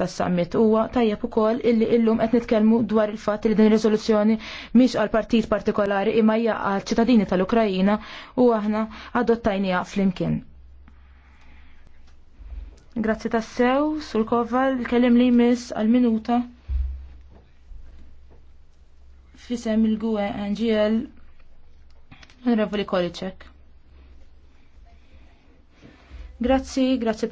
tas-summit huwa tajjeb ukoll illi illum qed nitkellmu dwar il-fatt li din ir-riżoluzzjoni mhix għal partit partikolari imma hija għal ċittadini tal-Ukrajina u aħna adottajniha flimkien. Grazzi tassew, sul koval, kellim li jmiss għal-minuta. Fisem il-gwe NGL, Onorevoli Kolicek. Grazzi, grazzi